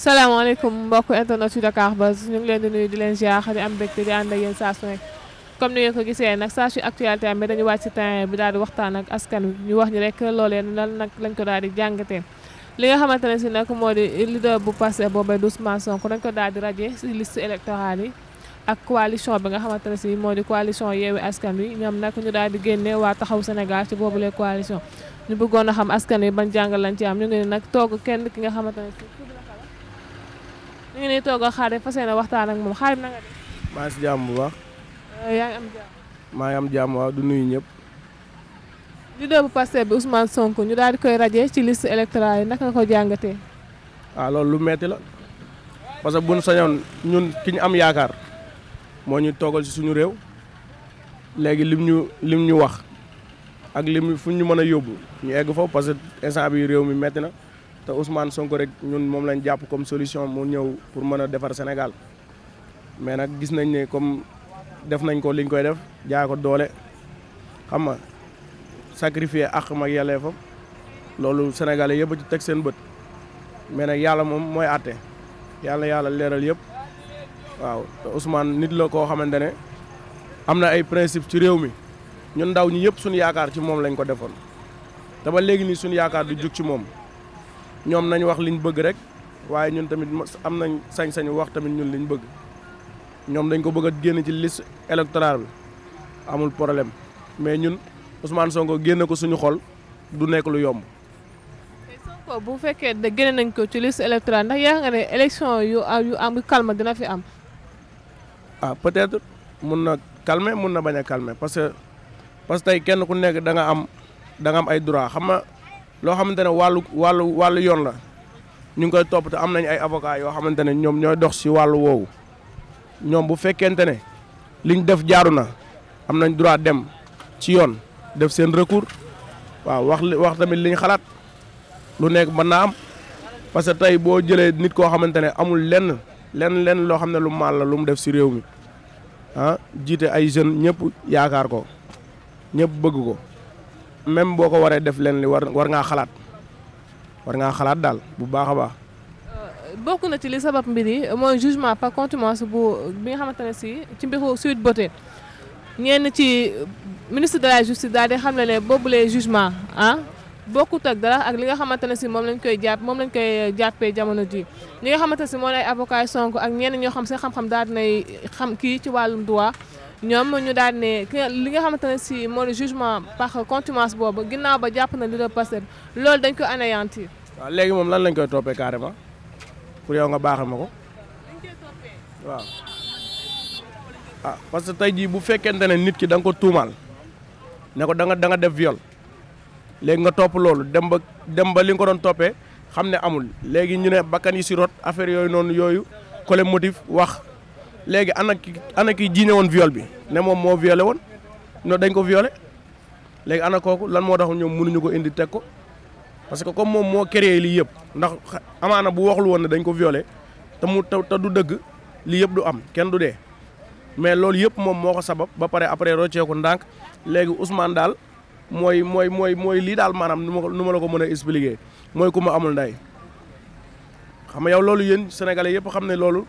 salaamaaleykum mbokk internet yu Dakar Buzz ñu ngi leen di nuyu di leen ziar di am mbégte di ànd ak yéen saa su nekk comme ni ngeen ko gisee nag saa su actualité amee dañu wàcc ci terrain bi daal di waxtaan ak askan wi ñu wax ñu rek loolee lan nag lañ ko daal di jàngatee. li nga xamante ne si nag moo di leader bu boobe boobee Ousmane Sonko dañ ko daal di radié si liste électorale yi ak coalition bi nga xamante ne si moo di coalition Yewwi Askan Wi ñoom nag ñu daal di génne waa taxaw Sénégal ci boobule coalition. ñu bëggoon a xam askan wi ban jàngal lañ ci am ñu ngi ne kenn ki nga xamante ne ñu ngi nii toog ak Xaadim waxtaan ak moom Xaadim na nga def. maa ngi si jàmm bu baax. Eh, maa ngi am jàmm waaw du nuyu ñëpp. leader bu Pastef bi Ousmane Sonko ñu daal di koy rajee ci list électorale yi naka nga ko jàngatee. waaw ah, loolu lu metti la parce que bu ñu ñun ki ñu am yaakaar moo ñu toogal si suñu réew léegi lim ñu lim ñu wax ak lim fu ñu mën a yóbbu ñu egg foofu parce que instant bi réew mi metti na. te Ousmane Sonko rek ñun moom lañ jàpp comme solution mu ñëw pour mën a defar senegal mais nag gis nañ ne comme def nañ ko liñ koy def jaay ko doole xam nga sacrifier ak mag yàlla fa loolu sénégalais yëpp ci teg seen bët mais nag yàlla moom mooy àtte yàlla yàlla leeral yëpp waaw te Ousmane nit la koo xamante ne am na ay principe ci réew mi ñun ndaw ñi yëpp suñu yaakaar ci moom lañ ko defoon te ba léegi nii suñu yaakaar du jug ci moom. ñoom nañ wax liñ bëgg rek waaye ñun tamit am nañ sañ-sañu wax tamit ñun liñ bëgg ñoom dañ ko bëgg génn ci liste électorale bi amul problème mais ñun Ousmane Sonko génne ko suñu xol du nekk lu yomb. Sonko bu fekkee da génne nañ ko ci liste électorale ndax yaa nga ne élection yu yu am calme dina fi am. ah peut-être mun na calmer mun na bañ a calmer parce que parce que tey kenn ku nekk da nga am danga am ay droit xam nga loo xamante ne wàllu wàllu wàllu yoon la ñu ngi koy topp te am nañ ay avocat yoo xamante ne ñoom ñooy dox si wàllu woowu ñoom bu fekkente ne liñ def jaaru na am nañ droit dem ci yoon def seen recours waaw wax wax tamit liñ xalaat lu nekk mën naa am parce que tey boo jëlee nit koo xamante ne amul lenn lenn lenn loo xam ne lu maal la lu mu def si réew mi ah jiite ay jeunes ñëpp yaakaar ko ñëpp bëgg ko même boo ko waree def leen li war war ngaa xalaat war ngaa xalaat daal bu baax a baax. Euh, bokk na ci li sabab mbir yi mooy jugement par contumace bu bi nga xamante ne si ci mbiru Sweet Beauté ñenn ci ministre de la justice daal di xam ne ne boobu les jugement ah bokkut ak dara ak li nga xamante ne si moom lañ koy jàpp moom lañ koy jàppee jamono ji ñi nga xamante ne si moo lay avocat Sonko ak ñenn ñoo xam seen xam-xam daal dinay xam kii ci wàllum droit. ñoom ñu daal ne li nga xamante ne si moo di jugement par contimence boobu ginnaaw ba jàpp na li la passé loolu dañ ko anéantir. waaw léegi moom lan lañ koy toppee carrément pour yow nga baaxe ma ko waaw ah parce que tey jii bu fekkente ne nit ki da nga ko tuumaal ne ko da nga da nga def viol léegi nga topp loolu dem ba dem ba li nga ko doon toppee xam ne amul léegi ñu ne bakkan yi si rot affaire yooyu noonu yooyu collé motif wax. léegi ana ki ana ki jiine woon viole bi ne moom moo violé woon no dañ ko violé léegi ana kooku lan moo taxul ñoom mënuñu ko indi teg ko parce que comme moom moo créé lii yëpp ndax amaana bu waxul woon ne dañ ko viole te mu te du dëgg lii yëpp du am kenn du dee mais loolu yëpp moom moo ko sabab ba pare après rocceeku ndànk léegi Ousmane daal mooy mooy mooy mooy lii daal maanaam nu ma nu ma la ko mën a expliquer mooy ku ma amul nday xam nga yow loolu yéen sénégalais yëpp xam ne loolu.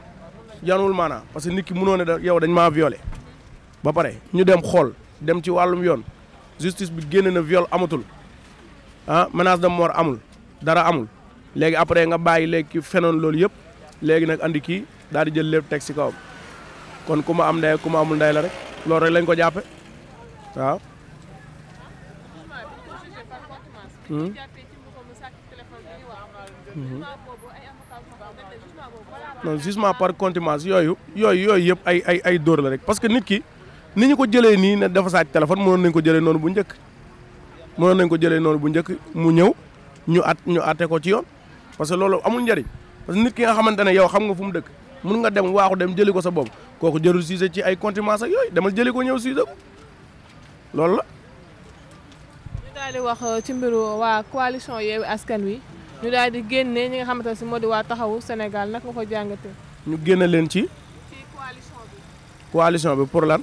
yanul maanaam parce que nit ki mënoo ne da yow dañ maa violé ba pare ñu dem xool dem ci wàllum yoon justice bi génn na viol amatul ah menace de mort amul dara amul léegi après nga bàyyi léegi fenoon loolu yëpp léegi nag andi kii daal di jël lépp teg si kawam kon ku ma am ndey ku ma amul ndey la rek loolu rek lañ ko jàppe waaw. Hmm? Hmm? non jugement par contumace yooyu yooyu yooyu yëpp ay ay ay dóor la rek parce que nit ki ni ñu ko jëlee nii ne dafa sàcc téléphone mënoon nañ ko jëlee noonu bu njëkk mënoon nañ ko jëlee noonu bu njëkk mu ñëw ñu at ñu atte ko ci yoon parce que loolu amul njariñ parce que nit ki nga xamante ne yow xam nga fu mu dëkk mun nga dem waaxu dem jëli ko sa bopp kooku jërul sujet ci ay contumace ak yooyu demal jëli ko ñëw sujet ko loolu la. ñu daal di wax euh, ci mbiru waa coalition Yewwi Askan Wi. ñu daal di génnee ñi nga xamante ne si moo di waa taxawu Sénégal nag nga ko jàngatee. ñu génne leen ci. ci bi. pour lan.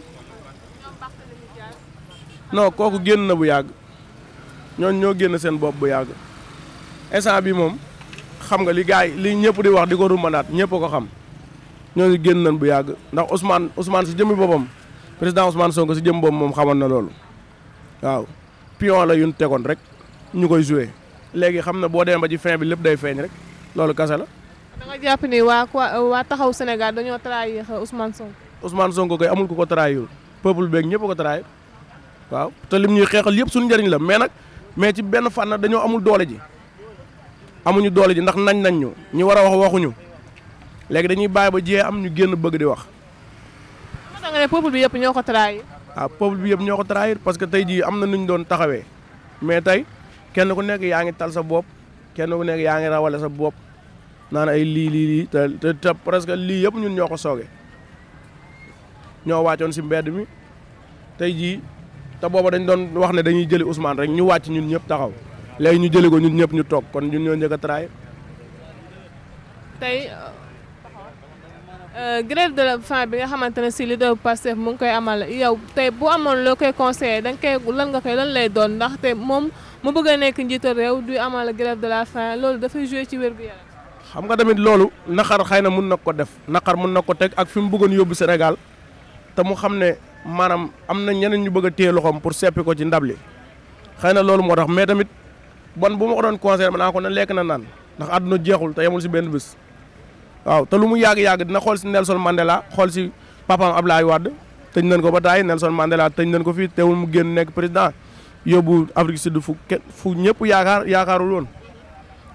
non kooku génn na bu yàgg ñooñ ñoo génn seen bopp bu yàgg instant bi moom xam nga li gars yi li ñëpp di wax di ko rumbanaat ñëpp ko xam ñooñu génn nañ bu yàgg ndax Ousmane Ousmane si jëmmi boppam président Ousmane Sonko si jëm boppam moom xamoon na loolu waaw pion la yu tegoon rek ñu koy joué. léegi xam na boo demee ba ci fin bi lépp day feeñ rek loolu kase la. da nga jàpp ni waa taxaw Sénégal dañoo trahir Ousmane Sonko. Ousmane Sonko kay amul ku ko trahirul peuple beeg ñëpp ko trahir waaw te lim ñuy xeexal yëpp suñu njariñ la mais nag mais ci benn fànn dañoo amul doole ji amuñu doole ji ndax nañ nañ ñu ñu war a wax waxuñu léegi dañuy bàyyi ba jiyee am ñu génn bëgg di wax. nga ne peuple bi yëpp ñoo ko trahir. waaw ah, bi yëpp ñoo ko trahir parce que tey jii am na nu ñu doon taxawee mais tey. kenn ku nekk yaa ngi tal sa bopp kenn ku nekk yaa ngi rawale sa bopp naan ay lii lii lii te presque lii yëpp ñun ñoo ko sooge ñoo wàccoon si mbedd mi tey jii te booba dañ doon wax ne dañuy jëli Ousmane rek ñu wàcc ñun ñëpp taxaw léegi ñu jëli ko ñun ñëpp ñu toog kon ñun ñoo njëkk a traay tey euh, grève de la faim bi nga xamante ne si leader Pastef mu ngi koy amal yow tey bu amoon loo koy conseillé danga koy lan nga koy lan lay doon ndax ndaxte moom. mu bëgg nekk njiital reew du amal grève de la faim loolu dafay joué ci wér gu yaram. xam nga tamit loolu naqar xëy na mun na ko def naqar mun na ko teg ak fi mu bëggoon yóbbu Sénégal te mu xam ne maanaam am na ñeneen ñu bëgg téye loxoom pour seppi ko ci ndab li xëy na loolu moo tax mais tamit bon bu ma ko doon conseillé ma naa ko ne lekk na naan ndax àdduna jeexul te yemul si benn bés. waaw te lu mu yàgg-yàgg dina xool si Nelson Mandela xool si papaam Ablaye Wade tëj nañ ko ba taay Nelson Mandela tëj nañ ko fii teewul mu génn nekk président yóbbu Afrique Sud fu kenn fu ñëpp yaakaar yaakaarul woon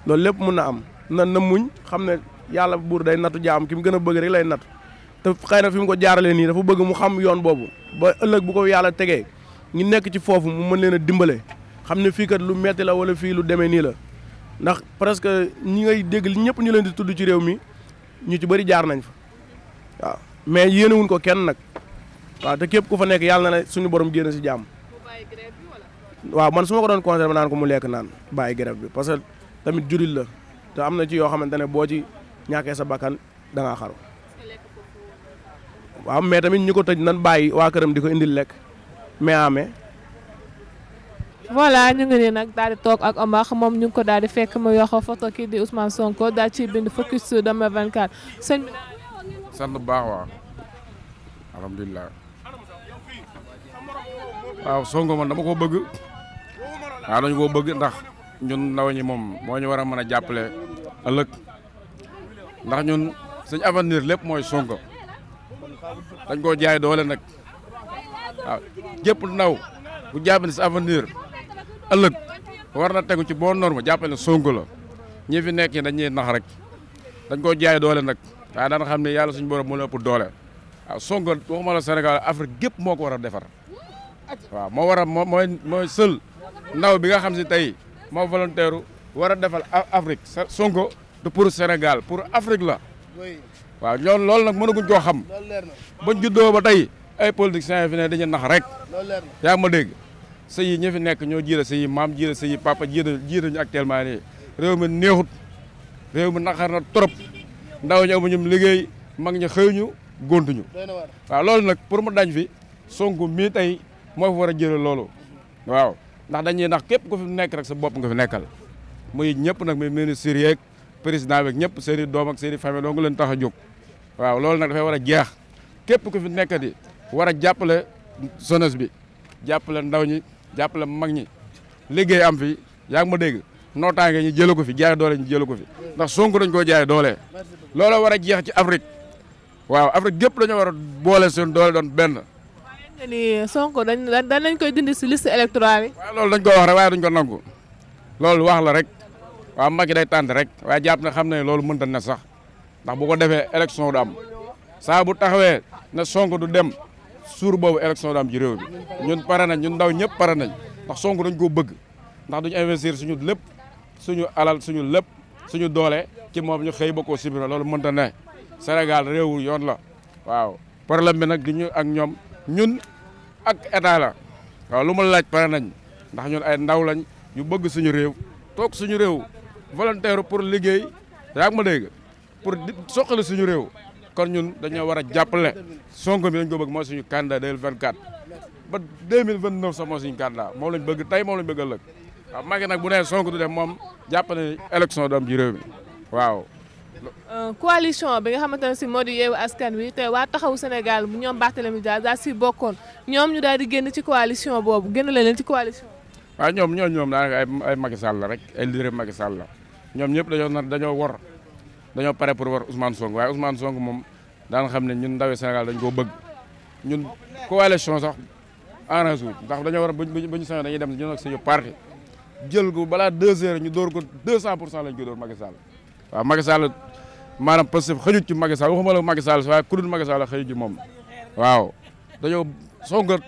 loolu lépp mun na am na na muñ xam ne yàlla buur day nattu jaam ki mu gën a bëgg rek lay nattu te xëy na fi mu ko jaaralee nii dafa bëgg mu xam yoon boobu ba ëllëg bu ko yàlla tegee ñu nekk ci foofu mu mën leen a dimbale xam ne fii kat lu metti la wala fii lu demee nii la ndax presque ñi ngay dégg li ñëpp ñu leen di tudd ci réew mi ñu ci bëri jaar nañ fa waaw mais yéenewuñ ko kenn nag waaw te képp ku fa nekk yàlla na suñu borom génn si jàmm waaw man su ko doon conseillé ma naan ko mu lekk naan bàyyi garab bi parce que tamit juril la te am na ci yoo xamante ne boo ci ñàkkee sa bakkan da xaru waaw mais tamit ñu ko tëj nan bàyyi waa këram di ko indi lekk mais amee. voilà ñu ngi ne nag daal di toog ak Omar moom ñu ngi ko daal di fekk mu yoxo photo kii di Ousmane Sonko daal ci bind focus 2024 sëñ bi. sant bu baax waaw alhamdulilah waaw Sonko man dama ko bëgg. waaw dañu koo bëgg ndax ndaw ñi moom moo ñu war a mën a jàppale ëllëg ndax ñun suñu avenir lépp mooy Sonko dañ koo jaay doole nag waaw jëpp ndaw bu jàppale sa avenir ëllëg war na tegu ci boo norme jàppale Sonko la ñi fi nekk ñi dañ ñuy nax rek dañ koo jaay doole nag waaye daan xam ne yàlla suñu borom moo la ëpp doole waaw Sonko ma la Sénégal Afrique gépp moo ko war a defar waaw moo war a mooy sël ndaw bi nga xam si tey ma volontaire war a defal Afrique Sonko du pour Sénégal pour Afrique la waaw ñoom loolu nag mënaguñ koo xam ba juddoo ba tey ay politiciens yi fi ne dañu rek yaa ma dégg sa yi fi nekk ñoo jiira sa maam jiira sa yi papa jiira jiira ñu actuellement nii réew mi neexut réew mi naxar na trop ndaw ñu amuñu liggéey mag ñu xëyuñu góontuñu waaw loolu nag pour mu dañ fi Sonko mii tey moo fi war a jëlee loolu waaw ndax dañuy nax képp ko fi nekk rek sa bopp nga fi nekkal muy ñëpp nag muy ministre yeeg président beeg ñëpp seen i doom ak seen i famille doo nga leen tax a jóg waaw loolu nag dafay war a jeex képp ku fi nekkati war a jàppale jeunesse bi jàppale ndaw ñi jàppale mag ñi liggéey am fi yaa ngi ma dégg nootaange ñu jëlee ko fi jaay doole ñu jëlee ko fi ndax Sonko dañ koo jaay doole looloo war a jeex ci Afrique waaw Afrique képp dañoo war a boole seen doole doon benn nga ni Sonko dañ dañ koy dindi si liste électorale yi. loolu dañ ko wax rek waaye duñ ko nangu loolu wax la rek waaw Macky day tànt rek waaye jàpp na xam ne loolu mënta na sax ndax bu ko defee élection du am saa bu taxawee na sonk du dem suur boobu élection du am ci réew bi ñun pare nañ ñun ndaw ñëpp pare nañ ndax sonk dañ koo bëgg ndax duñ investir suñu lépp suñu alal suñu lépp suñu doole ci moom ñu xëy ba koo sibira loolu mënta na Sénégal réewu yoon la waaw problème ak ñoom ñun ak état la waaw lu ma laaj pare nañ ndax ñun ay ndaw lañ ñu bëgg suñu réew toog suñu réew volontaire pour liggéey yaa ma dégg pour soqali suñu réew kon ñun dañoo war a jàppale Sonko bi dañ ko bëgg mooy suñu candidat 2024 ba 2029 sax mooy suñu candidat moom lañ bëgg tey moo lañ bëggal ëllëg waaw Macky nag bu nee Sonko du def moom jàpp ne élection doom ci réew mi waaw Euh, coalition bi nga xamante ne si moo di yeewu askan wi te waa taxawu Sénégal bu ñoom Barthélemy Dias daal si bokkoon ñoom ñu daal di génn ci coalition boobu génn leen ci coalition. ñoom ñoo ñoom daanaka ay ay Macky la rek ay leader Macky Sall la ñoom ñëpp dañoo nar dañoo war dañoo pare pour war Ousmane Sonko waaye Ousmane Sonko moom daan xam ne ñun ndawi Sénégal dañ koo bëgg ñun coalition sax arrangé wu ndax dañoo war buñ buñ buñ sañoon dem ñun ak jël ko balaa deux heures ñu door ko deux cent pour cent la koy door Macky waaw Macky Sall maanaam Pastef xëjut ci Macky Sall waxuma la Macky Sall xëjut ci moom waaw dañoo Sonko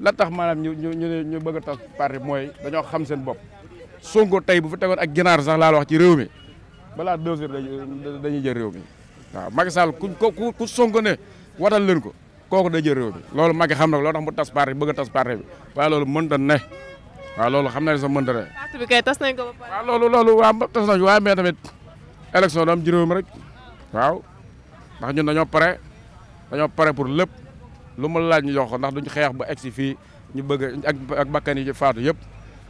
la tax maanaam ñu ñu ñu ñu bëgg a tas parti mooy dañoo xam seen bopp Sonko tey bu fu tegoon ak ginaar sax laa wax ci réew mi balaa deux heures dañuy jël réew mi waaw Macky Sall ku ku ku Sonko ne watal leen ko kooku day jël réew mi loolu Macky xam na loolu tax mu tas parti bëgg a tas parti bi waaye loolu mënta ne waaw loolu xam na ne sax mënta ne. parti loolu loolu waaw tas nañ waaye mais élection da am juróom rek waaw ndax ñu dañoo pare dañoo pare pour lépp lu mu laaj ñu jox ko ndax duñ xeex ba egsi fii ñu bëgg ak ak faatu yëpp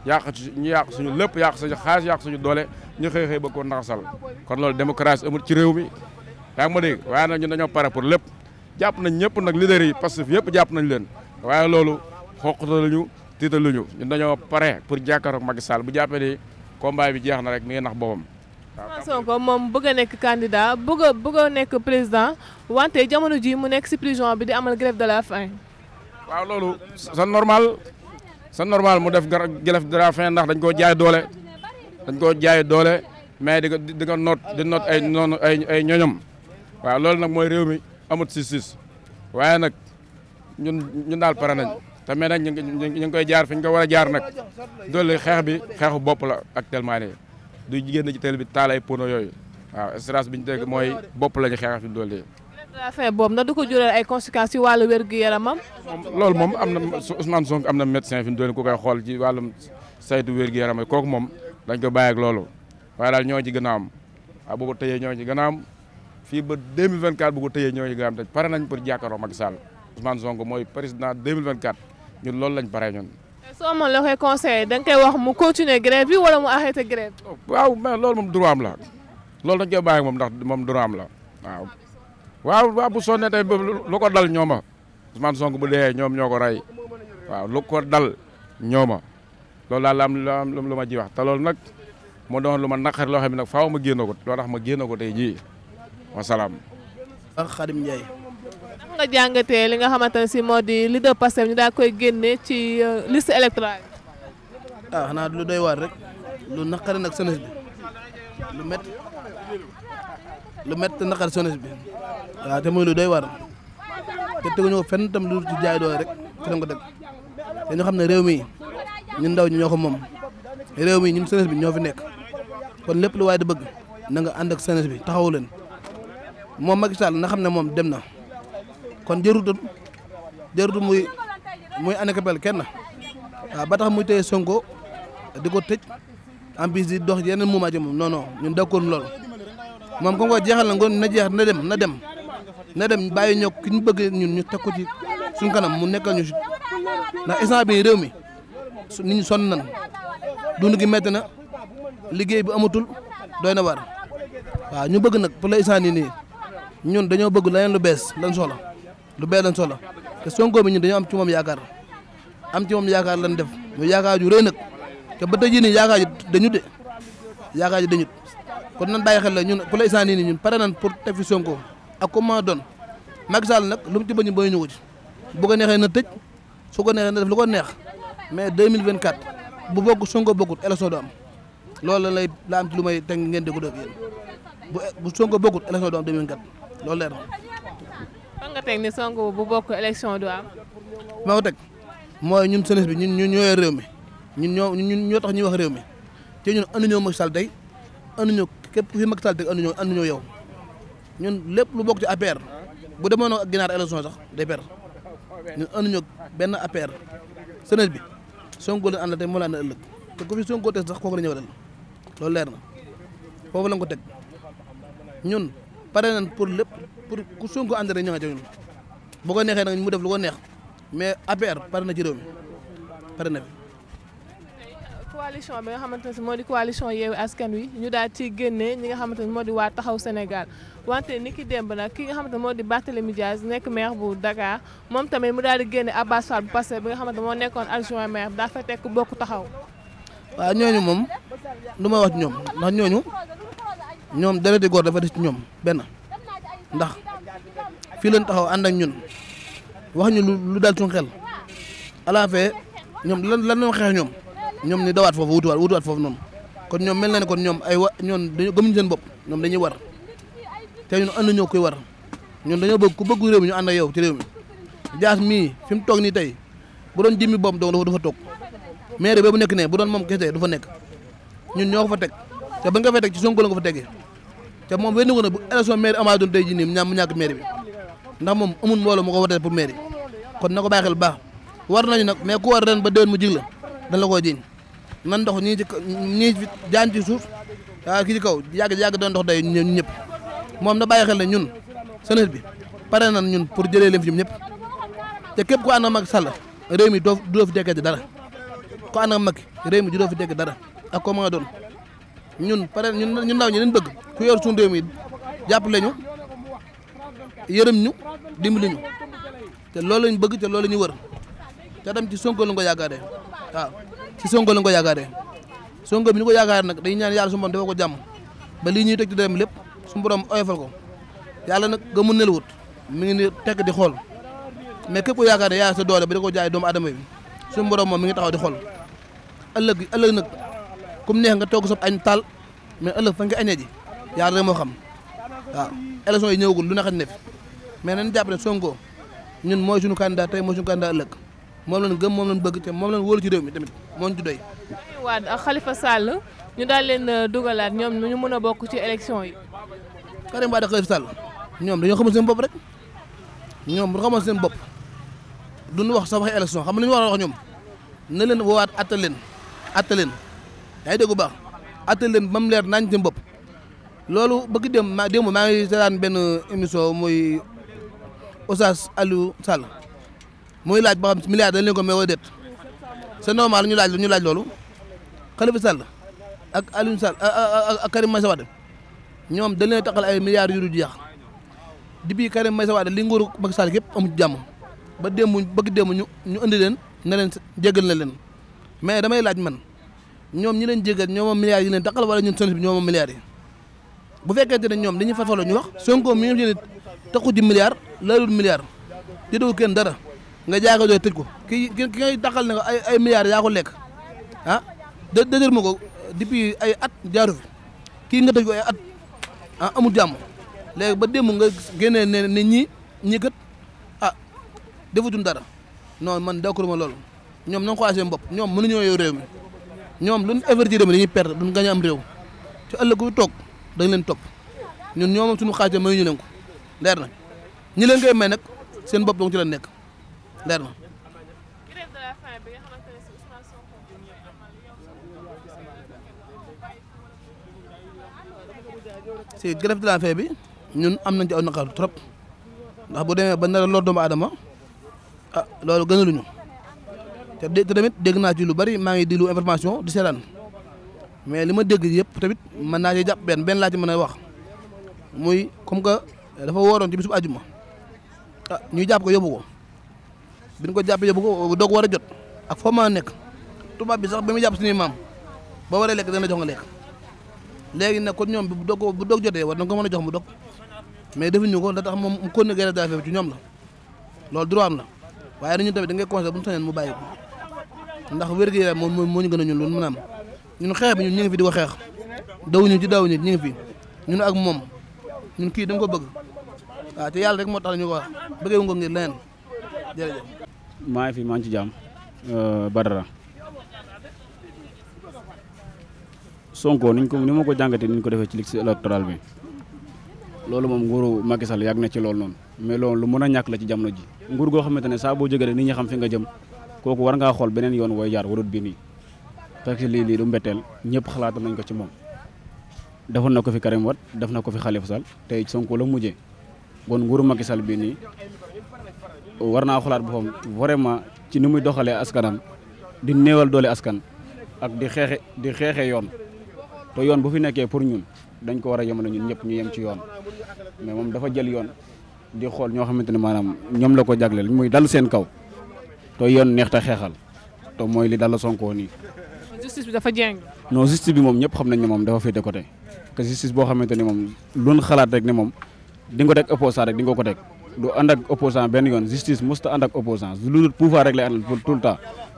yàq ci ñu yàq suñu lépp yàq suñu xaalis yàq suñu doole ñu xëy xëy ba ko naxasal kon loolu démocratie amul ci réew mi yaa ngi ma dégg waaye ñu ñun dañoo pare pour lépp jàpp nañ ñëpp nag leader yi Pastef yëpp jàpp nañ leen waaye loolu ñu xoqutaluñu ñu ñun dañoo pare pour jàkkaarloog Macky Sall bu jàppee ni combat bi jeex na rek mi ngi nax boppam Ousmane Sonko moom bëgg a nekk candidat bëgg a bëgg a nekk président wante jamono ji mu nekk si prison bi di amal grève de la faim. waaw loolu c'est normal c'est normal mu def grève de la faim ndax dañ koo jaay doole dañ koo jaay doole mais di ko di ko noot di noot ay noonu ay ay ñoñom waaw loolu nag mooy réew mi amut si siis waaye nag ñun ñun daal pare nañ te mais nag ñu ngi koy jaar fi ñu ko war a jaar nag doole xeex bi xeexu bopp la actuellement nii. du génn ci teel bi taal ay pono yooyu waaw strass bi ñu teg mooy bopp lañu xeexal fi mu doole la fin boobu nag du ko jural ay conséquences ci wàllu wér-gu-yaramam. moom loolu moom am na Ousmane am na médecin fi mu doon ku koy xool ci wàllum saytu wér-gu-yaram kooku moom dañ ko bàyyi ak loolu waaye daal ñoo ci gannaawam waaw bu ko tëyee ñoo ci gannaawam fii ba 2024 bu ko tëyee ñoo ci gannaawam pare nañ pour jàkkaaroo Macky Sall Ousmane Sonko mooy président 2024 ñun loolu lañ paree ñun. soo amoon la koy conseillé da nga koy wax mu continuer grève bi wala mu arrêté grève oh, waaw mais lool moom droit am la loolu dañ koy bàyyi moom ndax moom droit am la waaw. waaw waaw bu sonnee tey lu ko dal ñooma Ousmane Sonko bu dee ñoom ñoo ko rey waaw lu ko dal ñooma loolu daal la am lu ma jiwax te loolu nag moo doon lu ma naqar loo xam ne nag faaw ma génn ko loo tax ma génn ko tey jii wasalaam. ak Xadim Ndiaye. nga jàngatee li nga xamante ne si moo di leader Pastef ñu daal koy génne ci euh, liste électorale bi. ah xanaa lu doy waar rek lu naqari nag jeunesse bi lu métti lu met métti naqari jeunesse bi waaw te muy lu doy waar te teguñu ko fenn lu ci jaay rek fi nga ko xam ne réew mi ñun ndaw ñi ñoo ko moom réew mi ñun jeunesse bi ñoo fi nekk kon lépp lu waay di bëgg na nga ànd ak jeunesse bi taxawu leen moom Macky Sall na xam ne moom dem na. kon jërudut jërudut muy muy anékabel kenn waaw ba tax muy téye Sonko di ko tëj en plus di dox yeneen moment ji moom non non ñun d'accord loolu moom comme que jeexal na ngoon na jeex na dem na dem na dem bàyyi ñoo ki ñu bëgg ñun ñu teg ko ci suñ kanam mu nekkal ñu si ndax instant bii réew mi nit ñi sonn nan dund gi métti na liggéey bi amatul doy na war waaw ñu bëgg nag pour l'instant nii nii ñun dañoo bëgg leneen lu bees lan sola lu benn solo te Sonko bi ñun dañoo am ci moom yaakaar am ci moom yaakaar lan def ñu yaakaar ju rëy nag ba tey jii nii yaakaar ji dañu de yaakaar ji dañu kon nan daay xel la ñun pour l'instant nii ñun pare nañ pour teg fi Sonko ak doon Macky Sall nag lu mu ci bañu bañu ñu ko ci bu ko neexee na tëj su ko neexee na def lu ko neex mais 2024 bu bokk Sonko bokkut élection du am loolu la lay la am ci lu may teg ngeen di ko def bu bu Sonko bokkut élection du am 2024 loolu leer na fan nga teg ni Sonko bu bokk élection du am. ma ko teg mooy ñun jeunesse bi ñun ñun ñoo réew mi ñun ñoo ñun ñoo tax ñuy wax réew mi te ñun anduñoo Macky Sall képp ku fi Macky yow ñun lépp lu bokk ci APR bu demoon ak ginaar élection sax day perdre ñun anduñoo benn APR jeunesse bi Sonko lañ àndal tey moo la àndal ëllëg te ku fi Sonko teg sax kooku la ñëwalal loolu leer na foofu la nga ko teg ñun pare nañ pour lépp. pour ku Sonko ànd rek ña nga ca ñun bu ko neexee nag mu def lu ko neex mais APR pare na ci réew pare na fi. coalition bi nga xamante ne moo di coalition yeewu askan wi ñu daal ciy génnee ñi nga xamante ne moo di waa taxaw Sénégal wante ni ki démb nag ki nga xamante ne moo di Barthélémy Dias nekk maire bu Dakar moom tamit mu daal di génne Abbas Fall bu passé bi nga xamante moo nekkoon adjoint maire daa fa tekk bokk taxaw. waaw ñooñu moom lu ma wax ñoom ndax ñooñu ñoom deret di góor dafa des ñoom benn ndax fii leen taxaw ànd ak ñun wax ñu lu dal suñu xel alaafee ñoom lan lan la xeex ñoom ñoom ni dawaat foofu wutuwaat wutuwaat foofu noonu kon ñoom mel na ne kon ñoom ay wax ñoom dañoo gëmuñu seen bopp ñoom dañuy war te ñun ànd ñoo koy war ñun dañoo bëgg ku bëgg réew ñu ànd ak yow ci réew mi. jaas mii fi mu toog nii tey bu doon jimmi boppam donc dafa toog maire ba bu nekk ne bu doon moom kese du fa nekk ñun ñoo ko fa teg te ba nga fa teg ci Sonko la nga fa tegee te moom wér na ko ne bu élection mairie amaa doon tey jii nii ñaam mu ñàkk mairie bi ndax moom amul mbooloo mu ko wotee pour mairie kon na ko bàyyi xel baax war nañu nag mais ku war ren ba déwén mu jig la dañ la koo jiñ nan ndox ñii ci jaan ci suuf waaw kii ci kaw yàgg yàgg doon ndox day ñu ñëpp moom na bàyyi xel ne ñun jeunesse bi pare na ñun pour jëlee leen fi ñëpp te képp ku ànd ak Macky Sall réew mi doo doo fi dekkee dara ku ànd ak Macky réew mi doo fi dekk dara ak ko ñun pare ñun ñun ndaw ñi dañ bëgg ku yor suñu réew mi jàppale ñu yërëm ñu dimbali ñu te loolu lañ bëgg te loolu la ñu wër te tam ci Sonko lañ ko yaakaaree waaw ci Sonko lañ ko yaakaaree Sonko bi ñu ko yaakaaree nag dañu ñaan yàlla su ma defal ko jàmm ba lii ñuy teg dem lépp su borom oyofal ko yàlla nag gëmu wut mu ngi ni tekk di xool mais képp ko yaakaar ne yaa sa doole ba di ko jaay doomu aadama bi su moom mi ngi taxaw di xool ëllëg ëllëg nag. comme neex nga toog sob añ taal mais ëllëg fa nga añee ji yàlla rek moo xam waaw élection yi ñëwagul lu na xañ ne fi mais nañ jàpp Sonko ñun mooy suñu candidat tey mooy suñu candidat ëllëg moom lañ gëm moom lañ bëgg te moom lañ wóolu ci réew mi tamit moo ñu ci doy. waa Khalifa Sall ñu daal leen euh, dugalaat ñoom ñu mën a bokk ci élection yi. Karim Wade Khalifa Sall ñoom dañoo xamal seen bopp rek ñoom bu xamal seen bopp duñu wax sa waxi élection xam nga li ñu war a wax ñoom na leen woowaat atta leen atta leen yaay dégg bu baax attal leen ba leer nañ ci bopp loolu bëgg dem ma démb maa ngi seetaan benn émission mooy Oustaz Aliou Sall mooy laaj ba xam si milliards dañ leen ko may woo déet c'est normal ñu laaj ñu laaj loolu Khalifa Sall ak Aliou Sall ak Karim Meïssa Wade ñoom dañ leen taxal ay milliards yu du jeex depuis Karim Meïssa Wade li nguuru Macky Sall yëpp amu ci jàmm ba démb bëgg démb ñu ñu leen ne leen jégal na leen mais damay laaj man. ñoom ñi leen jégal ñoo moom milliards yi leen daqal wala ñun Sonko bi ñoo moom milliards yi bu fekkente ne ñoom dañuy farfalo ñu wax Sonko mi ñu taxu ji milliard laalul milliard te doo kenn dara nga jaay ko doo ko ki ki ngay daqal ay ay yaa ko lekk ah dë ma ko depuis ay at jaaru kii nga tëj ko ay at ah amul jàmm léegi ba démb nga génnee ne ne ñii ñii kat ah defutuñ dara noon man d'accord ma loolu ñoom na nga ko asee bopp ñoom mënuñoo yow réew mi ñoom luñ avertir dem dañuy perdre duñ gañ am réew ci ëllëg bu toog dañ leen topp ñun ñoom suñu xaajal may ñu leen ko leer na ñi leen koy may nag seen bopp dong ci la nekk leer na. si grève de la faim bi ñun am nañ ci aw naqar trop ndax bu demee ba nar a lor doomu aadama ah loolu gënaluñu te dégg tamit dégg naa ci lu bari maa ngi di lu information di seetaan mais li ma dégg yëpp tamit mën naa ci jàpp benn benn laa ci mën a wax muy comme que dafa wooroon ci bisub àjjuma ah ñuy jàpp ko yóbbu ko bi ñu ko jàpp yóbbu ko doog war a jot ak ma nekk tubaab bi sax ba muy jàpp suñuy maam ba waree lekk dana jox nga lekk léegi nag kon ñoom bu doog bu doog jotee war na ko man a jox mu dog mais defuñu ko da tax moom mu continué guerre d'affaires ci ñoom la loolu droit am la waaye dañu tamit da ngay conseillé bu ñu sañoon mu bàyyi ndax wérgu yaram moom moo ñu gën a ñun loolu mën am ñun xeex bi ñun ñu ngi fi di ko xeex dawuñu ci daw ñu ngi fi ñun ak moom ñun kii dam ko bëgg waaw te yàlla rek moo tax ñu ko wax bëggee wu ko ngir leneen jërëjëf. maa ngi fi maa ngi ci jàmm euh, Badara Sonko niñ ko ni ma ko jàngatee ni ñu ko defee ci liste électorale bi loolu moom nguuru Macky Sall yàgg na ci lool noonu mais loolu lu mën a ñàkk la ci jamono ji nguur goo xamante ne saa boo jógee nit ñi xam fi nga jëm. kooku war ngaa xool beneen yoon wooy jaar warut bi nii parce lii lii du mbetteel ñëpp xalaat nañ ko ci moom defoon na ko fi Karim Wade def na ko fi Khalifa Sall tey Sonko la mujjee kon nguuru Macky sal bii nii war naa xolaat boppam vraiment ci ni muy doxalee askanam di néewal doole askan ak di xeexe di xeexe yoon te yoon bu fi nekkee pour ñun dañ ko war a yemale ñun ñëpp ñu yem ci yoon mais moom dafa jël yoon di xool ñoo xamante ne maanaam ñoom la ko jagleel muy dal seen kaw te yoon neex te xeexal te mooy li dala Sonko nii. justice dafa jeng. non justice bi moom ñëpp xam nañ ne moom dafa féete côté que justice boo xamante ni moom luñ xalaat rek ne moom di ko teg opposant rek di nga ko teg du ànd ak opposant benn yoon justice musta ànd ak opposant lu dul pouvoir rek lay àndal pour tout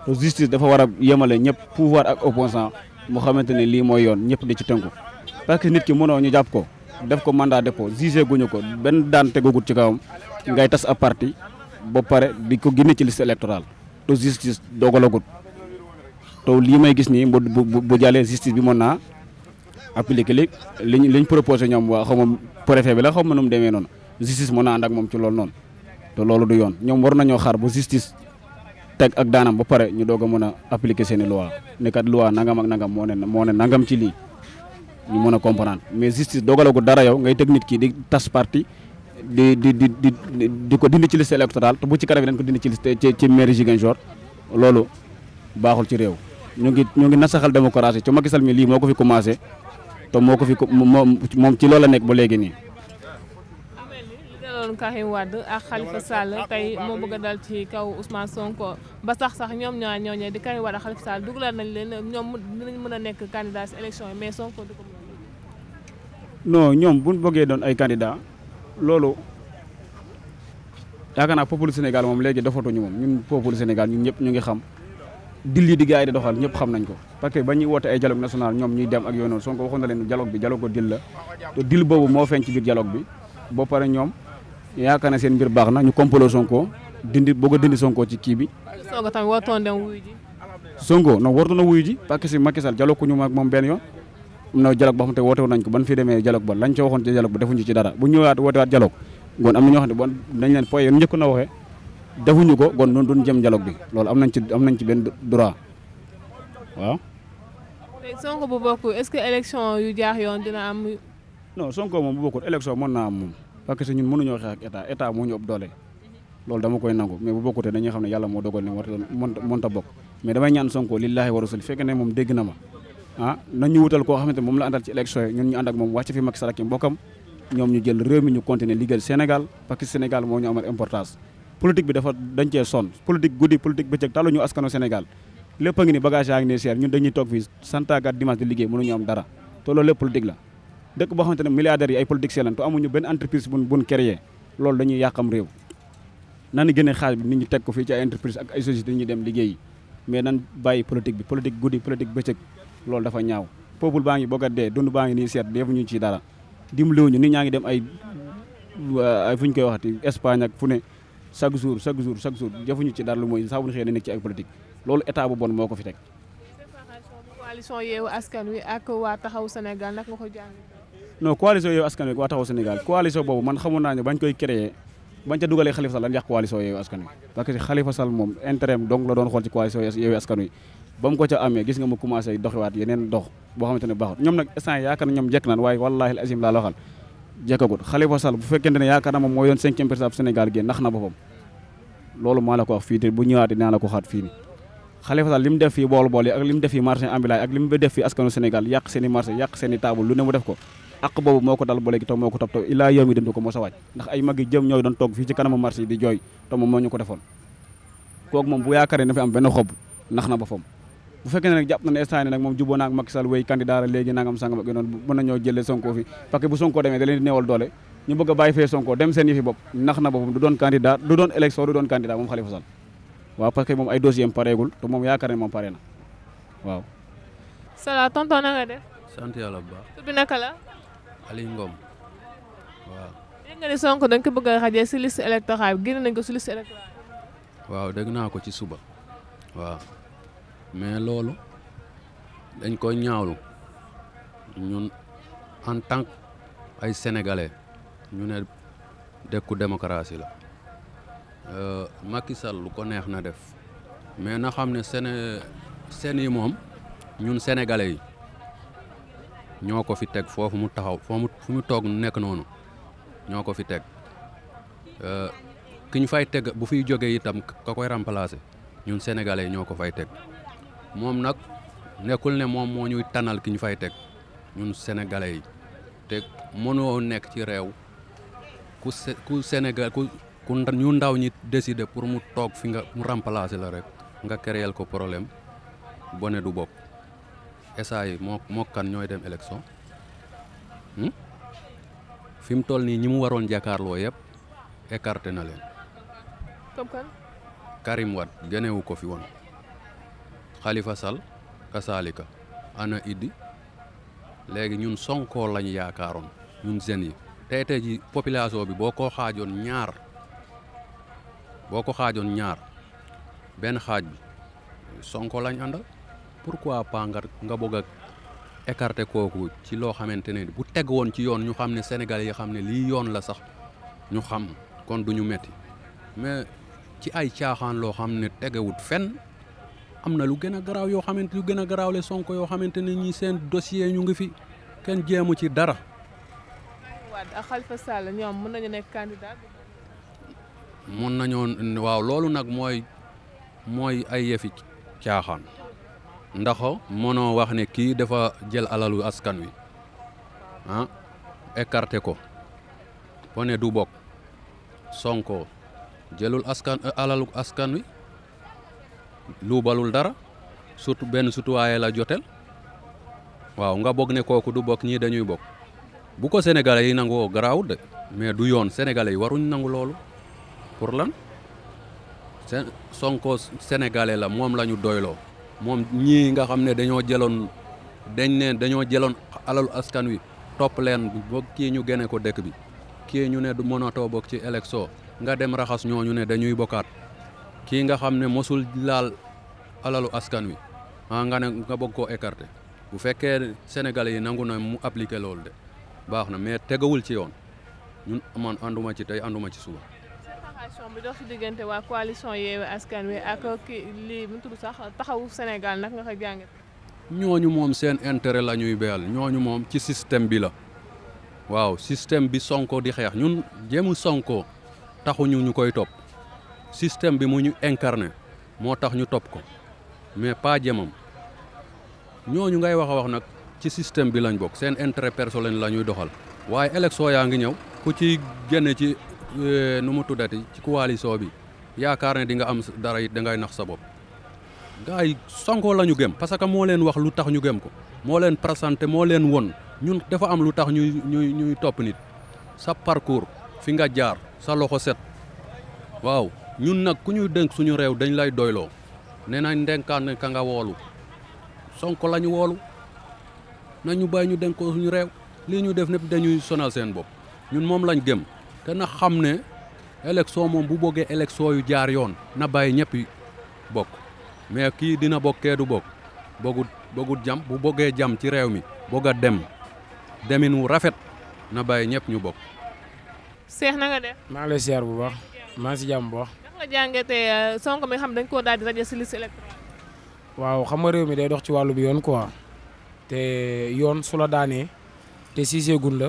le justice dafa war a yemale ñëpp pouvoir ak opposant mu xamante ne lii mooy yoon ñëpp di ci tënku parce que nit ki mënoo ñu jàpp ko def ko mandat dépôt jugé guñu ko benn daan tegugut ci kawam ngay tas ab parti ba pare di ko génne ci liste électorale te justice dogalagut te lii may gis nii bu bu justice bi mën naa appliqué li liñ liñ proposé ñoom waa xaw ma préfet bi la xaw ma nu mu demee noonu justice mën naa ànd ak moom ci loolu noonu te loolu du yoon ñoom war nañoo xaar ba justice teg ak daanam ba pare ñu doog a mën a appliqué seen i loi ne kat loi nangam ak nangam moo ne moo nangam ci lii ñu mën a comprendre mais justice dogalagut dara yow ngay teg nit di di di di di ko dindi ci liste électorale te bu ci di dañ ko dindi ci liste ci loolu baaxul ci réew ñu ngi ñu ngi nasaxal démocratie ci Macky Sall mi lii moo ko fi commencé te moo ko fi moom moom ci loolu la nekk ba léegi nii. doon Karim Wade ak Khalifa Sall tey moo bëgg a dal ci kaw Ousmane Sonko ba sax sax ñoom ñaar ñooñee di Karim Wade ak Khalifa Sall dugalal nañ ñoom dinañ mën nekk candidat si mais Sonko du ñoom buñ bëggee doon ay candidat loolu yaakaar naa peuple Sénégal moom léegi dafatuñu moom ñun peuple Sénégal ñun ñëpp ñu ngi xam dil yi di gars yi di doxal ñëpp xam nañ ko parce que ba ñu woote ay dialogue national ñoom ñuy dem ak yooyu noonu Sonko waxoon na leen dialogue bi dialogue ko dil la te dil boobu moo boo pare ñoom yaakaar na seen mbir baax na ñu kompaloo Sonko dindi boo ko dindi Sonko ci kii bi. Sonko tamit warutoon dem wuyu ji. Sonko non warutoon na wuyu ji parce que si Macky Sall dialogue ñu ak moom benn yoon am na dialogue boo xam te woote woon nañ ko ban fi demee dialogue ba lañ ca waxoon ci dialogue ba defuñu dara bu ñëwaat waat dialogue gon am na ne bon dañ leen poye yoon njëkk na waxee defuñu ko gon noonu duñ jëm dialogue bi loolu am nañ ci am nañ ci benn droit waaw léegi Sonko bu bokkul est-ce que élection yu jaax yoon dina am non Sonko moom bu bokkul élection mën naa am moom parce que ñun mënuñoo xeex ak état état moo ñu ëpp doole loolu dama koy nangu mais bu bokkutee dañuy xam ne yàlla moo dogal ne war mënta bokk mais damay ñaan Sonko lillahi wa rasul ne moom ah ñu wutal koo xamante moom la àndal ci élection yi ñun ñu ànd ak moom wàcc fi Macky Sall ak mbokkam ñoom ñu jël réew mi ñu continuer liggéeyal Sénégal parce que Sénégal moo ñu amal importance politique bi dafa dañ sonn politique guddi politique bëccëg talu ñu askano Sénégal lépp a ngi ni ne cher ñun dañuy toog fii santagat dimanche di liggéey mënuñu dara te loolu lépp politique la dëkk boo xamante na milliardaires yi ay politique see lan te amuñu ko fii ci ay entreprise ak ay dem liggéey mais nan bàyyi politique bi politique guddi politique bëccëg loolu dafa ñaaw peuple baa ngi bëgg a dee dund baa ngi nii seet defuñu ci dara dimbaliwu ñu nit ñaa ngi dem ay ay fu ñu koy waxati Espagne ak fu ne chaque jour chaque jour chaque jour defuñu ci dara lu mooy saa bu ñu xëyee nekk ci ak politique loolu état bu bon moo ko fi teg. coalition yeewu askan wi ak waa taxaw Sénégal nag nga ko jàng. non coalition yeewu askan wi ak waa taxaw Sénégal coalition boobu man xamoon naa ne bañ koy créer bañ ca dugalee Khalifa Sall lan yàq coalition yeewu askan wi parce que Khalifa Sall moom intérêt am donc la doon xool ci coalition yeewu askan wi ba mu ko ca amee gis nga mu commencé doxiwaat yeneen dox boo xamante ne baaxut ñoom nag instant yaakaar na ñoom jekk naan waaye wallaahi azim laa la waxal yaakaar na moom mooy doon cinquième président Sénégal gi na boppam loolu maa la ko wax fii te bu ñëwaatee dinaa la ko waxaat fii ni Khalifa Sall li mu def fii ko ak boobu moo ko dal ba léegi te moo ko topp ilaa yow mi dem ko moo sa wàcc ndax ay mag yi jëm ñooy doon toog fii ci kanamu ñu ko defoon kooku moom bu yaakaaree ne fi am benn xob nax na boppam bu fekkee jàpp na ne instant nag moom juboo naag Macky Sall wéy candidat la léegi nangam sangam ak noonu mën nañoo jëlee Sonko fi parce que bu Sonko demee da leen doole ñu bëgg a fee Sonko dem seen yëfi bopp nax na boppam du doon candidat du du doon candidat moom Khalifa Sall waaw parce que moom ay dossier am pareegul te moom yaakaar ne moom pare na waaw sala tonton na nga def sant baax tur bi naka la Aliou Ngom waaw dégg ko bëgg a xajee si liste électorale bi génn nañ ko si liste électorale waaw dégg naa ko ci suba waaw mais loolu dañ koy ñaawlu ñun en tant ay sénégalais ñu ne dëkku démocratie la euh, Macky Sall lu ko neex na def mais na xam ne Séné seen yi moom ñun sénégalais yi ñoo ko fi teg foofu mu taxaw foo mu toog mu nekk noonu ñoo ko fi teg euh, ki ñu fay teg bu fiy jógee itam ka koy remplacer ñun sénégalais yi ñoo ko fay teg. moom nag nekkul ne moom moo ñuy tanal ki ñu fay teg ñun sénégalais yi te mënoo nekk ci réew ku ku Sénégal ku ku ñu ndaw ñi décider pour mu toog fi nga mu remplacer la rek nga créer ko problème bone du bopp essa yi moo moo kan ñooy dem élection hmm? fi mu toll nii ñi mu waroon jàkkaarloo yëpp écarté na leen. comme Karim Wade ko fi woon. Khalifa Sall kasaalika ana Iddi léegi ñun Sonko lañ yaakaaroon ñun jeunes yi tey tey ji population bi boo ko xaajoon ñaar boo ko xaajoon ñaar benn xaaj bi Sonko lañ àndal pourquoi pas nga nga bëgg a écarter kooku ci loo xamante ne bu teg woon ci yoon ñu xam ne Sénégal yi xam ne lii yoon la sax ñu xam kon du ñu metti mais ci ay caaxaan loo xam ne tegewut fenn am na lu gën a garaaw yoo xamante lu gën a garaaw le Sonko yoo xamante ne ñi seen dossier ñu ngi fi kenn jéemu ci dara. waaw Khalifa Sall ñoom mën nañu nekk candidat. mën waaw loolu nag mooy mooy ay yëfi caaxaan ndax mënoo wax ne kii dafa jël alalu askan wi ah écarté ko ba du bokk Sonko jëlul askan alalu askan wi. luubalul dara surtout benn sutuwaaye la jotel waaw nga bokk ne kooku du bokk ñii dañuy bokk bu ko sénégalais yi nangoo garaawut de mais du yoon sénégalais yi waruñ nangu loolu pour lan sonko sénégalais la moom la ñu doyloo moom ñii nga xam ne dañoo jëloon dañ ne dañoo jëloon alalu askan wi topp leen boog kii ñu gene ko dëkk bi kii ñu ne du mënatoo bokk ci élection nga dem raxas ñooñu ne dañuy bokkaat kii nga xam ne mosul laal alalu askan wi ah nga ne nga bëgg koo écarter bu fekkee Sénégalais yi nangu na mu appliquer loolu de baax na mais tegawul ci yoon ñun man ànduma ci tey ànduma ci suba. séparation bi dox ci diggante waa coalition Yewwi Askan Wi ak kii lii mu tudd sax taxawu Sénégal nag nga ko jàngat. ñooñu moom seen intérêt la ñuy béyal ñooñu moom ci système bi la waaw système bi Sonko di xeex ñun jéemu Sonko taxuñu ñu koy topp. système bi mu ñu incarné moo tax ñu topp ko mais pas jëmam ñooñu ngay wax wax nag ci système bi lañ bokk seen intérêt personnel la ñuy doxal waaye élection yaa ngi ñëw ku ci génne ci euh, nu mu tuddati ci coalition bi yaakaar ne di nga am dara it da ngay nax sa bopp gars yi Sonko la ñu gëm parce que moo leen wax lu tax ñu gëm ko moo leen présenté moo leen won ñun dafa am lu tax ñuy ñuy ñuy topp nit sa parcours fi nga jaar sa loxo set waaw ñun nag ku ñu dénk suñu réew dañ lay doyloo nee nañ ndenkaan ka woolu Sonko lañu ñu woolu nañu bàyyi ñu dénk ko suñu réew lii ñu def népp dañuy sonal seen bopp ñun moom lañ gëm te na xam ne élection moom bu bëggee élection yu jaar yoon na bàyyi ñëpp bokk mais kii dina bokkee du bokk bëggut bëggut jam bu bëggee jam ci réew mi bëgg a dem demin wu rafet na bàyyi ñëpp ñu bokk. seex na nga maa ngi lay seer bu baax maa ngi si jàmm nga jàngatee euh, Sonko mi xam dañ koo daal di rajo si liste waaw xam nga réew mi day dox ci wàllu bi yoon quoi te yoon su daanee te siisee gun la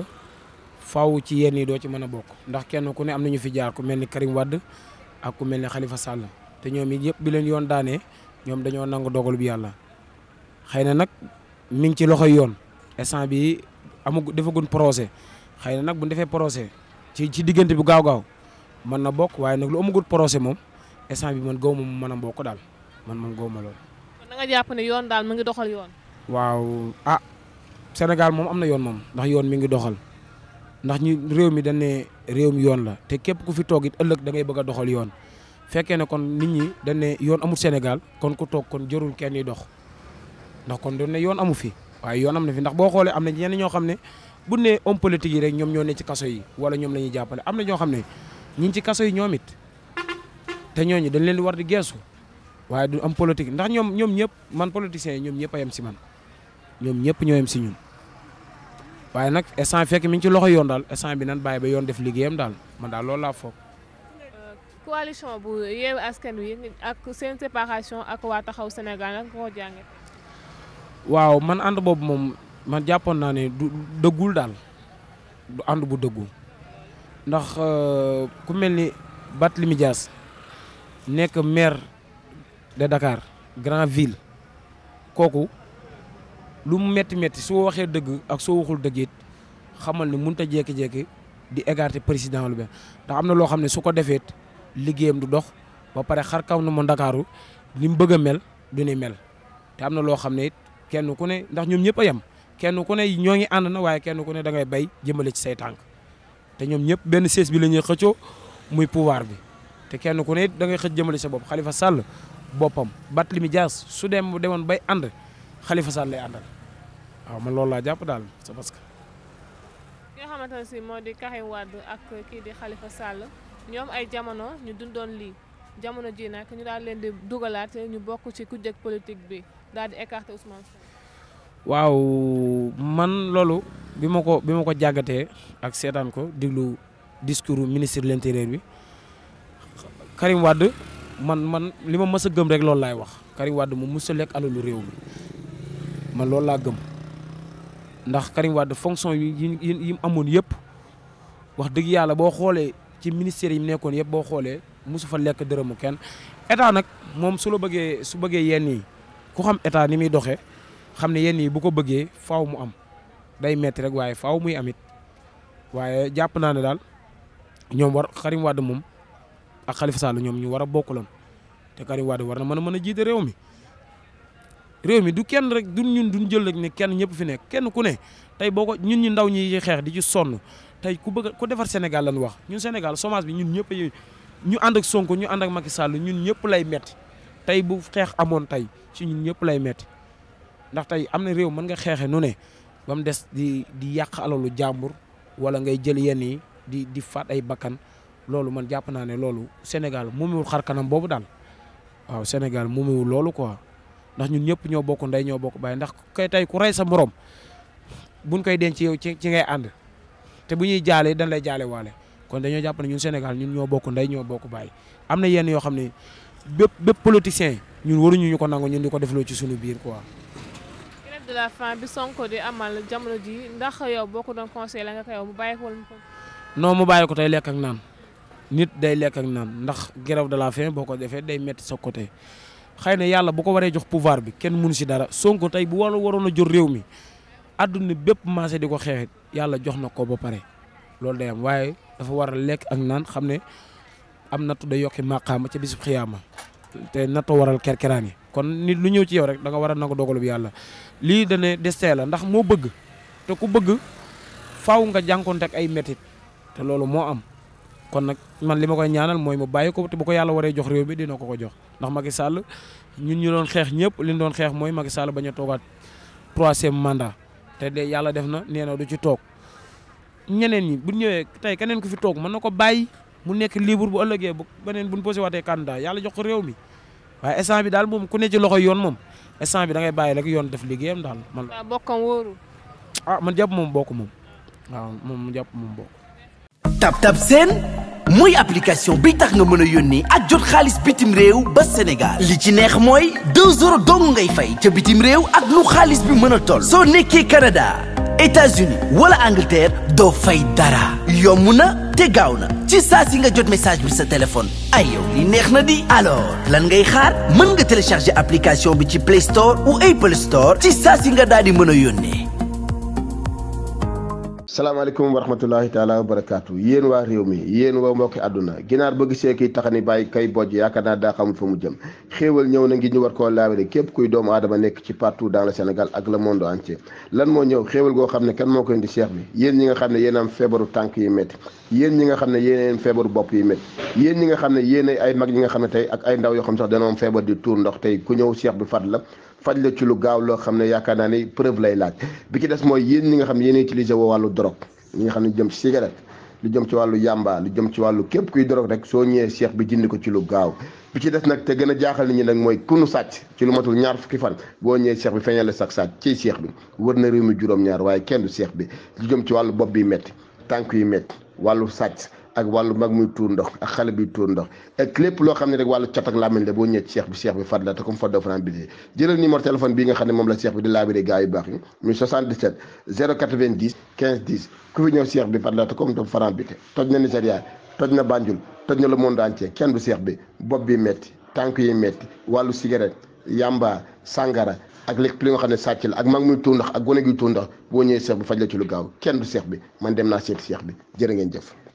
faw ci yenn yi doo ci mën a bokk ndax kenn ku ne am na ñu fi jaar ku mel ni Karim Wade ak ku mel ni Khalifa Sall te ñoom it yëpp bi leen yoon daanee ñoom dañoo nangu dogal bi yàlla xëy na nag mi ngi ci loxoy yoon instant bi amu defagun procès xëy na nag bu ñu defee procès ci ci diggante bu gaaw-gaaw mën na bokk waaye nag lu amagul procès moom instant bi man gaw ma mu mën bokk daal man moom gaw ma loolu. kon da jàpp ne yoon daal mi ngi doxal yoon. waaw ah Sénégal moom am na yoon moom ndax yoon mi ngi doxal ndax ñu réew mi dañ ne réew yoon la te képp ku fi toog it ëllëg da ngay bëgg a doxal yoon fekkee ne kon nit ñi dañ ne yoon amul Sénégal kon ku toog kon jërul kenn yi dox ndax kon doon ne yoon amu fi waaye yoon am na fi ndax boo xoolee am na ñenn ñoo xam ne bu ne homme politique yi rek ñoom ñoo ne ci kaso yi wala ñoom la ñuy jàppale am na ñoo xam ne ñi ngi ci kaso yi ñoom it te ñooñu dañ leen di war di geesu waaye du am politique ndax ñoom ñoom ñëpp man politiciens yi ñoom ñëpp a yem si man ñoom ñëpp ñoo yem si ñun. waaye nag instant fekk mi ci loxo yoon daal instant bi nan bàyyi ba yoon def liggéeyam daal man daal loolu laa foog. coalition bu Yewwi Askan Wi ak seen séparation ak waa taxaw Sénégal nga ko jànge waaw man ànd boobu moom man jàppoon naa ne du dëggul daal du ànd bu dëggu ndax euh, ku mel ni Barthélémy Dias nekk maire de Dakar grand ville kooku lu mu metti metti soo waxee dëgg ak soo waxul dëgg it xamal ni mënut a jékki di écarter président lu benn ndax am na loo xam ne su ko defeet liggéeyam du dox ba pare xar kaw na mu Ndakaaru ni mu bëgg a mel du ni mel te am na loo xam ne it kenn ku ne ndax ñoom ñëpp a yem kenn ku ne ñoo ngi ànd na waaye kenn ku ne da ngay bay jëmale ci say tànk te ñoom ñëpp benn siège bi la ñuy xëccoo muy pouvoir bi te kenn ku ne da ngay xëj jëmale sa bopp Khalifa Sall boppam bat li mi Dias su dem demoon bay ànd xalifa Sall lay àndal waaw laa jàpp daal c'est parce que. nga xamante ne si moo di Karim Wade ak kii di Khalifa Sall ñoom ay jamono ñu dundoon lii jamono ji nag ñu daal leen di dugalaat ñu bokk ci kujje politique bi daal di écarter Ousmane Sonko. waaw man loolu bi ma ko bi ma ko jàggatee ak seetaan ko diglu discours ministre de l'intérieur bi Karim Wade man man li ma mës a gëm rek loolu laay wax Karim Wade mu mës a lekk alalu réew mi man loolu laa gëm ndax Karim Wade fonction yi yi yi mu amoon yëpp wax dëgg yàlla boo xoolee ci ministère yi mu nekkoon yëpp boo xoolee mosu fa lekk mu kenn état nag moom su la bëggee su bëggee yenn yi ku xam état ni muy doxee xam ne yenn yi bu ko bëggee faaw mu am day metti rek waaye faaw muy amit waaye jàpp naa ne daal ñoom war Karim Wade moom ak Khalifa Sall ñoom ñu war a bokkuloon te Karim war na mën a mën a jiite réew mi réew mi du kenn rek dun ñun duñ jël rek ni kenn ñëpp fi nekk kenn ku ne tey booko ñun ñu ndaw ñi ci xeex di ci sonn tey ku bëgg ku defar Sénégal lañ wax ñun Sénégal chômage bi ñun ñëpp ñu ànd ak Sonko ñu ànd ak Macky Sall ñun ñëpp lay metti tey bu xeex amoon tey ci ñun ñëpp lay metti ndax tey am na réew mën nga xeexe nu ba mu des di di yàq alalu jàmbur wala ngay jël yenn yi di di faat ay bakkan loolu man jàpp naa ne loolu Sénégal moom xar kanam boobu daal Sénégal moomiwul loolu quoi ndax ñun ñëpp ñoo bokk ndey ñoo bokk baay ndax kay tey ku rey sa morom buñ koy denc ci ci ngay ànd te bu ñuy jaalee dañ lay jaale waale kon dañoo jàpp ne ñun Sénégal ñun ñoo bokk ndey ñoo bokk baay am na yenn yoo xam ne bépp bépp politicien ñun waruñu ñu ko nangu ñun di ko defloo ci suñu biir quoi. de la bi Sonko di amal jamono ji ndax yow boo ko doon conseillé la nga ko yow ko wala mu ko. ko tey lekk ak naan nit day lekk ak naan ndax grève de la faim boo ko defee day metti sa côté xëy na yàlla bu ko waree jox pouvoir bi kenn mënu si dara Sonko tey bu war waroon a jot réew mi àdduna bépp marché di ko xeexit yàlla jox na ko ba pare loolu day am waaye dafa war a lekk ak naan xam ne am nattu day yokki màqaama ca bisub xiyaama te nattu waral kerkeraan yi kon nit lu ñëw ci yow rek da nga war a nangu dogalu bi yàlla lii dane destin la ndax moo bëgg te ku bëgg faw nga jànkoonte tek ay metit te loolu moo am kon nag man li ma koy ñaanal mooy mu bàyyi ko te bu ko yàlla waree jox réew mi dina ko ko jox ndax Macky Sall ñun ñu doon xeex ñëpp li doon xeex mooy Macky Sall bañ a toogaat troisième mandat te de yàlla def na nee na du ci toog ñeneen ñi bu ñëwee tey keneen ku fi toog mën na ko bàyyi mu nekk libre bu ëllëgee bu beneen bu ñu posé waatee candidat yàlla jox ko réew mi waaye instant bi daal moom ku ne ci loxo yoon moom. instant bi da ngay bàyyi rek yoon def liggéeyam daal man. waaw bokkam wóorul. ah man jàpp moom bokk moom bokk. tab tab seen mooy application bi tax nga mën a yónnee ak jot xaalis bitim réew ba Sénégal li ci neex mooy 2 euros dong ngay fay ca bitim réew ak lu xaalis bi mën a toll. soo nekkee Canada. États-Unis wala Angleterre doo fay dara yomb na te gaaw na ci saa si nga jot message bi sa téléphone ay yow li neex na di alors lan ngay xaar mën nga télécharger application bi ci Play Store ou Apple Store ci saa si nga daal di mën a yónnee. salaamaaleykum wa rahmatullahi taala wa barakaatu yéen waa réew mi yéen waa mbokki àdduna ginaar bëgg seeki taxani bàyyi kay bojj yaakaar naa daa xamul fa mu jëm xéewal ñëw na ngi ñu war koo laabare képp kuy doomu aadama nekk ci partout dans le Sénégal ak le monde entier lan moo ñëw xéewal goo xam ne kan moo koy indi seex bi yéen ñi nga xam ne yéen am feebaru tànk yi métti yéen ñi nga xam ne yéen feebaru bopp yi métti yéen ñi nga xam ne yéen ay mag ñi nga xam ne tey ak ay ndaw yoo xam sax dana am feebar di tuur ndox tey ku ñëw seex bi fat la faj la ci lu gaaw loo xam ne yaakaar naa ne preuve lay laaj bi ci des mooy yéen ñi nga xam ne yéen utilisé woo wàllu drogue ñi nga xam ne jëm ci cigarette lu jëm ci wàllu yàmba lu jëm ci wàllu képp kuy drogue rek soo ñëwee seex bi jënd ko ci lu gaaw bi ci des nag te gën a jaaxal nit ñi nag mooy kunu sàcc ci lu matul ñaar fukki fan boo ñëwee seex bi feeñale sax sàcc ci seex bi wër na réew mi juróom-ñaar waaye kenn du seex bi lu jëm ci wàllu bopp bi métti tànk yi métti wàllu sàcc ak wàllu mag muy tuur ndox ak xale bi tuur ndox ak lépp loo xam ne rek wàllu cat ak làmmiñ la boo ñëwee bi cheikh bi fat la te comme fat doo fanaan bidi jëlal numéro téléphone bii nga xam ne moom la cheikh bi di laabiré gars li nga xam ne sàcc la ak mag muy tuur ndox ak gone gi tuur boo seex bi faj la ci lu gaaw kenn du seex bi man dem naa seeti seex bi jërë ngeen jëf